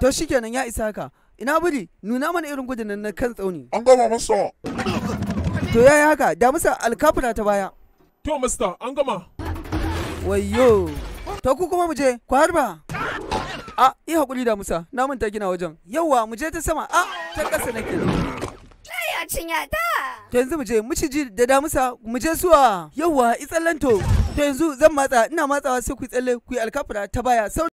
to kenan ya isa ka ina buri nuna mana irin gudun nan kan tsauni an gama masa to yi haka da musa alkafura ta baya to masta an gama wayyo to ku kuma mu je ku harba a ah, yi hakuri da musa na manta gina wajen yawa mu je ta sama a ah, ta kasa nake ya cinya ta to yanzu mu je miciji da damusa mu je suwa yawa itsallanto to yanzu zan matsa ina matsawa sai ku tsalle ku yi alkafura ta baya